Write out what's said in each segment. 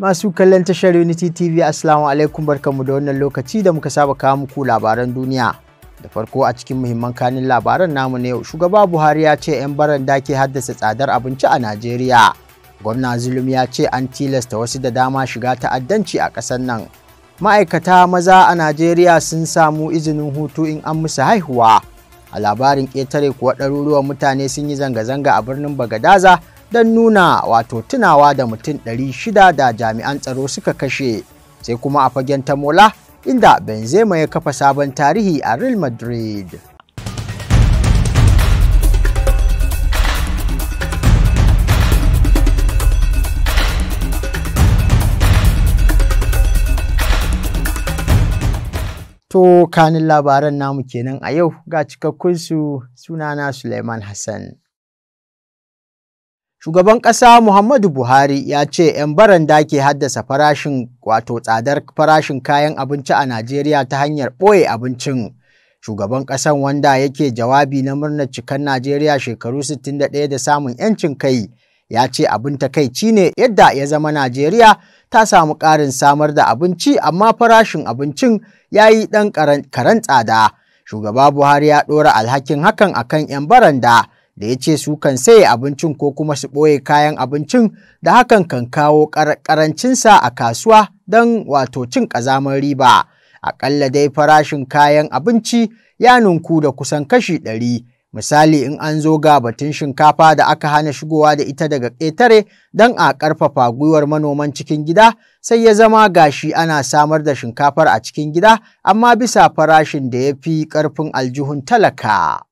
Masu kallon tashar Unity TV Assalamu alaikum barkamu da wannan lokaci da muka saba kawo muku labaran duniya. Da farko a cikin muhimman kanin labaran namu na yau shugaba Buhari ya ce 'yan baranda ke haddasa tsadar abinci a Najeriya. Gwamna Zulum ya ce an tilasta wasu da dama shiga ta'addanci a ƙasar nan. Ma'aikata maza a Najeriya sun samu izinin hutu in an musu haihuwa. A labarin ƙetare kuwa ɗaruruwan mutane sun yi zanga-zanga a birnin Bagadaza don nuna wato tunawa da mutum 600 da jami'an tsaro suka kashe sai kuma a fagen tamola inda benzema ya kafa sabon tarihi a real madrid To kanin labaran namu kenan a yau ga cikakkun su sunana Suleiman Hassan. Shugaban ƙasa Muhammadu Buhari ya ce 'yan baranda ke haddasa farashin wato tsadar farashin kayan abinci a Najeriya ta hanyar ɓoye abincin. Shugaban ƙasan wanda yake jawabi na murnar cikan Najeriya shekaru 61 da samun 'yancin kai ya ce abin takaici ne yadda ya zama Najeriya ta samu ƙarin samar da abinci amma farashin abincin ya yi ɗan karan tsada. Shugaba Buhari ya ɗora alhakin hakan akan 'yan baranda. da ya ce su kan saye abincin ko kuma su ɓoye kayan abincin da hakan kan kawo ƙarancinsa a kasuwa don wato cin ƙazamar riba. Aƙalla dai farashin kayan abinci ya ninku da kusan kashi ɗari. Misali in an zo ga batun shinkafa da aka hana shigowa da ita daga ƙetare don a ƙarfafa gwiwar manoman cikin gida sai ya zama gashi ana samar da shinkafar a cikin gida amma bisa farashin da ya fi ƙarfin aljihun talaka.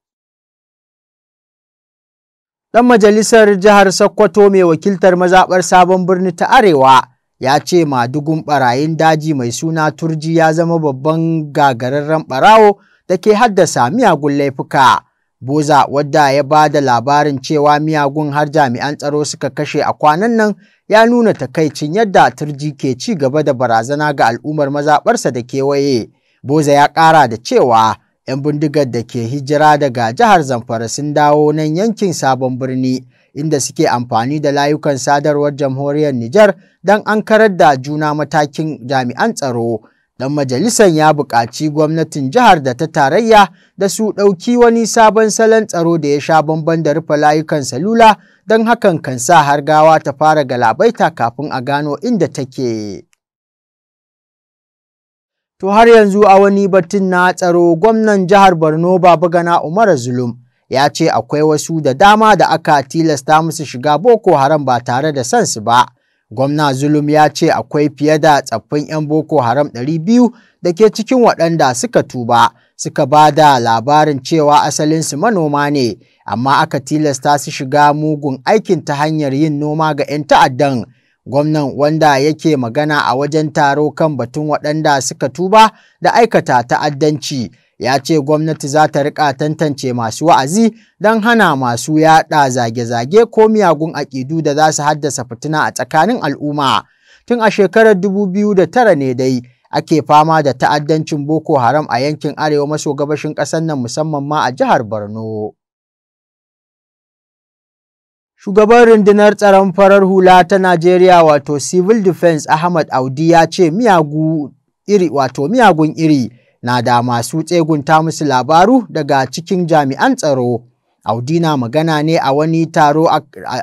Ɗan majalisar jihar Sokoto mai wakiltar mazaɓar sabon birni ta Arewa ya ce madugun ɓarayin daji mai suna turji ya zama babban gagararren ɓarawo da ke haddasa miyagun laifuka. Boza wadda ya ba da labarin cewa miyagun har jami'an tsaro suka kashe a kwanan nan ya nuna takaicin yadda turji ke ci gaba da barazana ga al'ummar mazaɓarsa da kewaye. Boza ya ƙara da cewa 'yan bindigar da ke hijira daga jihar zamfara sun dawo nan yankin sabon birni inda suke amfani da layukan sadarwar jamhuriyar nijar don an karar da juna matakin jami'an tsaro don majalisar ya buƙaci gwamnatin jihar da ta tarayya da su ɗauki wani sabon salon tsaro da ya sha bamban da rufe layukan salula don hakan kan sa har gawa ta fara galabaita kafin a gano inda take. To har yanzu a wani batun na tsaro gwamnan jihar Borno Babagana Umar Zulum ya ce akwai wasu da dama da aka tilasta musu shiga Boko Haram ba tare da san su ba. Gwamna Zulum ya ce akwai fiye da tsaffin 'yan Boko Haram 200 da ke cikin waɗanda suka tuba, suka ba da labarin cewa asalin su manoma ne, amma aka tilasta su shiga mugun aikin ta hanyar yin noma ga 'yan ta'addan Gwamnan wanda yake magana a wajen taro kan batun waɗanda suka tuba da aikata ta'addanci ya ce gwamnati za ta riƙa tantance masu wa'azi don hana masu yaɗa zage-zage ko miyagun aƙidu da za su haddasa fitina a tsakanin al'umma. Tun a shekarar 2009 ne dai ake fama da ta'addancin Boko Haram a yankin arewa maso gabashin ƙasar nan musamman ma a jihar Borno. Shugaban rundunar tsaron farar hula ta Najeriya wato Civil Defense Ahmad Audi ya ce miyagu iri wato miyagun iri na da masu tsegunta musu labaru daga cikin jami'an tsaro. Audi na magana ne a wani taro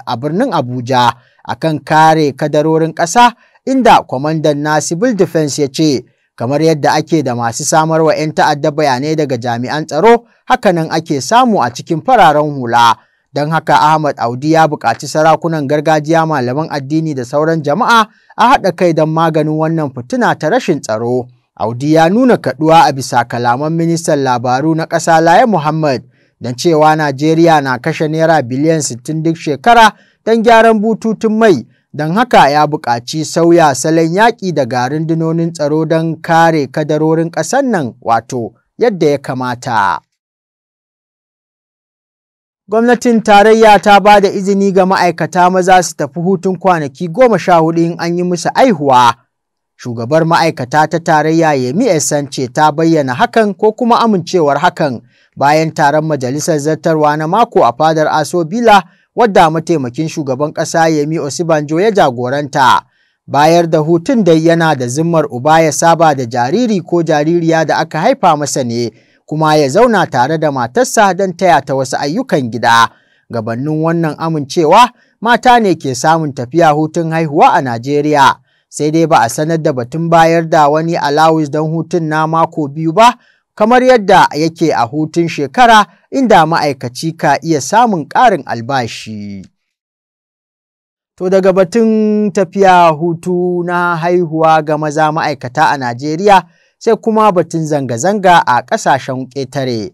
a birnin Abuja akan kare kadarorin ƙasa inda kwamandan na Civil Defense ya ce kamar yadda ake da masu samarwa 'yan ta'adda bayanai daga jami'an tsaro hakanan ake samu a cikin fararen hula. Don haka Ahmad Audi ya buƙaci sarakunan gargajiya malaman addini da sauran jama'a a haɗa kai don maganin wannan fituna ta rashin tsaro. Audi ya nuna kaɗuwa a bisa kalaman ministan labaru na ƙasa Laye Muhammad don cewa Najeriya na kashe naira biliyan sittin duk shekara don gyaran bututun mai don haka ya buƙaci sauya salon yaƙi da garin dunonin tsaro don kare kadarorin ƙasar nan wato yadda ya kamata. Gwamnatin tarayya ta ba da izini ga ma'aikata maza su tafi hutun kwanaki goma sha hudu in an yi musu aihuwa. Shugabar ma'aikata ta tarayya Yemi Esan ce ta bayyana hakan ko kuma amincewar hakan bayan taron majalisar zartarwa na mako a fadar Aso Asobila wadda mataimakin shugaban ƙasa Yemi Osibanjo ya jagoranta. Bayar da hutun dai yana da zimmar uba ya saba da jariri ko jaririya da aka haifa masa ne. kuma ya zauna tare da matarsa don taya ta wasu ayyukan gida. Gabannin wannan amincewa mata ne ke samun tafiya hutun haihuwa a Najeriya. Sai dai ba a sanar da batun bayar da wani alawus don hutun na mako biyu ba, kamar yadda yake a hutun shekara inda ma'aikaci ka iya samun ƙarin albashi. To daga batun tafiya hutu na haihuwa ga maza ma'aikata a Najeriya sai kuma batun zanga-zanga a ƙasashen ƙetare.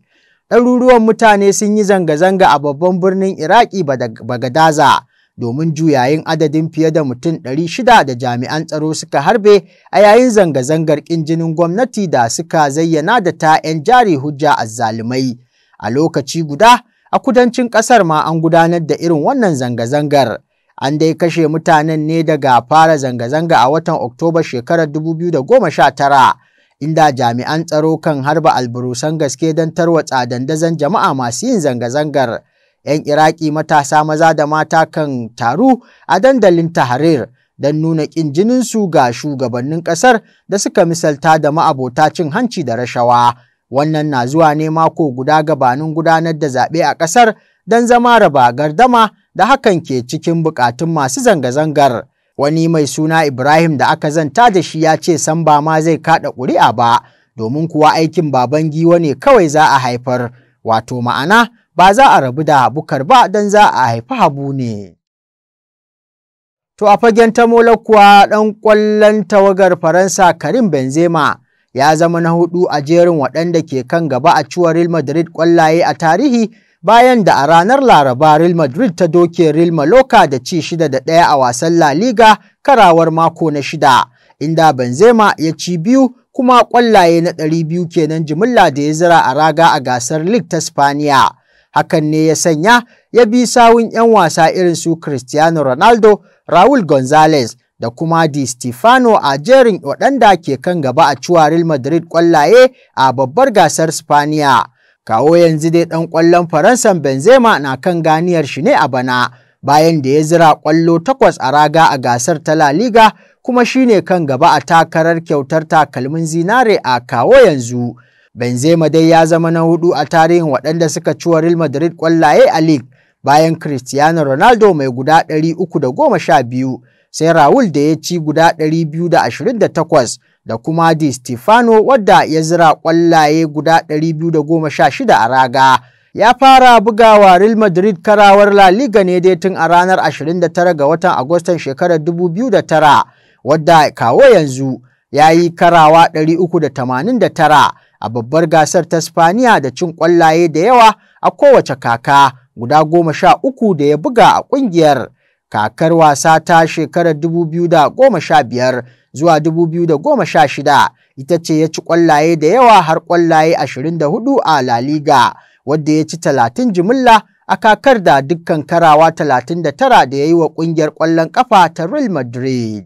Ɗaruruwan mutane sun yi zanga-zanga a babban birnin Iraki Bagadaza domin juyayin adadin fiye da mutum 600 da jami'an tsaro suka harbe a yayin zanga-zangar ƙinjinin gwamnati da suka zayyana da ta 'yan jari hujja a zalumai. A lokaci guda, a kudancin ƙasar ma an gudanar da irin wannan zanga-zangar. An dai kashe mutanen ne daga fara zanga-zanga a watan Oktoba shekarar 2019. inda jami'an tsaro kan harba alburusan gaske don tarwatsa dandazon jama'a masu yin zanga-zangar 'yan iraki matasa maza da mata kan taru a dandalin tahrir don nuna ƙin jininsu ga shugabannin ƙasar da suka misalta da ma'abota cin hanci da rashawa wannan na zuwa ne mako guda gabanin gudanar da zaɓe a ƙasar don zama raba gardama da hakan ke cikin buƙatun masu zanga-zangar wani mai suna Ibrahim da aka zanta da shi ya ce san ba ma zai kada ƙuri'a ba domin kuwa aikin baban giwa ne kawai za a haifar wato ma'ana ba za a rabu da bukar ba don za a haifi habu ne. To a fagen tamola kuwa ɗan ƙwallon tawagar Faransa Karim Benzema ya zama na hudu a jerin waɗanda ke kan gaba a ciwon Real Madrid ƙwallaye a tarihi bayan da a ranar Laraba Real Madrid ta doke Real Maloka da ci shida da ɗaya a wasan La Liga karawar mako na shida, inda Benzema ya ci biyu kuma ƙwallaye na ɗari biyu kenan jimilla da ya zira a raga a gasar League ta Spaniya. Hakan ne ya sanya ya bi sawun 'yan wasa irin su Cristiano Ronaldo, Raul Gonzalez da kuma Di Stefano a jerin waɗanda ke kan gaba a cewa Real Madrid ƙwallaye a babbar gasar Spaniya. Kawo yanzu dai ɗan ƙwallon Faransan Benzema na kan ganiyar shi ne a bana bayan da ya zira ƙwallo takwas a raga a gasar ta La Liga kuma shine kan gaba a takarar kyautar takalmin zinare a kawo yanzu. Benzema dai ya zama na hudu a tarihin waɗanda suka ci wa Real Madrid ƙwallaye a League bayan Cristiano Ronaldo mai guda 312 sai Raul da ya ci guda 228 da kuma Di Stefano wadda ya zira kwallaye guda 216 a raga. Ya fara bugawa Real Madrid karawar La Liga ne dai tun a ranar 29 ga watan Agustan shekarar 2009 wadda kawo yanzu ya yi karawa 389 a babbar gasar ta Spaniya da cin kwallaye da yawa a kowace kaka guda goma sha uku da ya buga a ƙungiyar. kakar wasa ta shekarar 2015 zuwa 2016 ita ce ya ci ƙwallaye da yawa har ƙwallaye 24 a La Liga wadda ya ci 30 jimilla a kakar da dukkan karawa 39 da ya yi wa ƙungiyar ƙwallon ƙafa ta Real Madrid.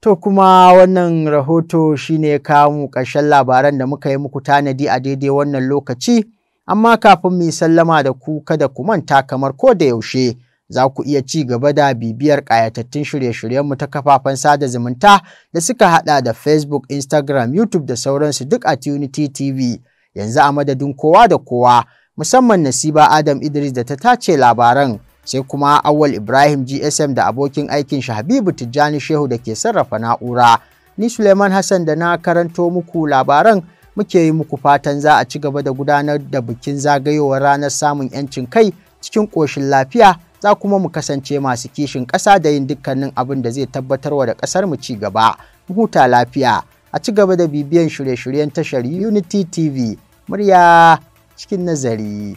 To kuma wannan rahoto shine kawo mu ƙarshen labaran da muka yi muku tanadi a daidai wannan lokaci. amma kafin mu yi sallama da ku kada ku manta kamar ko da yaushe za ku iya ci gaba da bibiyar ƙayatattun shirye-shiryenmu ta kafafen sada zumunta da suka haɗa da Facebook, Instagram, YouTube da sauransu duk a Tunity TV. Yanzu a madadin kowa da kowa, musamman Nasiba Adam Idris da ta tace labaran, sai kuma Awal Ibrahim GSM da abokin aikin shi Habibu Tijjani Shehu da ke sarrafa na'ura. Ni Suleiman Hassan da na karanto muku labaran muke yi muku fatan za a ci gaba da gudanar da bikin zagayowar ranar samun 'yancin kai cikin ƙoshin lafiya za kuma mu kasance masu kishin ƙasa da yin dukkanin abin da zai tabbatarwa da ƙasar mu ci gaba mu huta lafiya a ci gaba da bibiyan shirye-shiryen tashar unity tv murya cikin nazari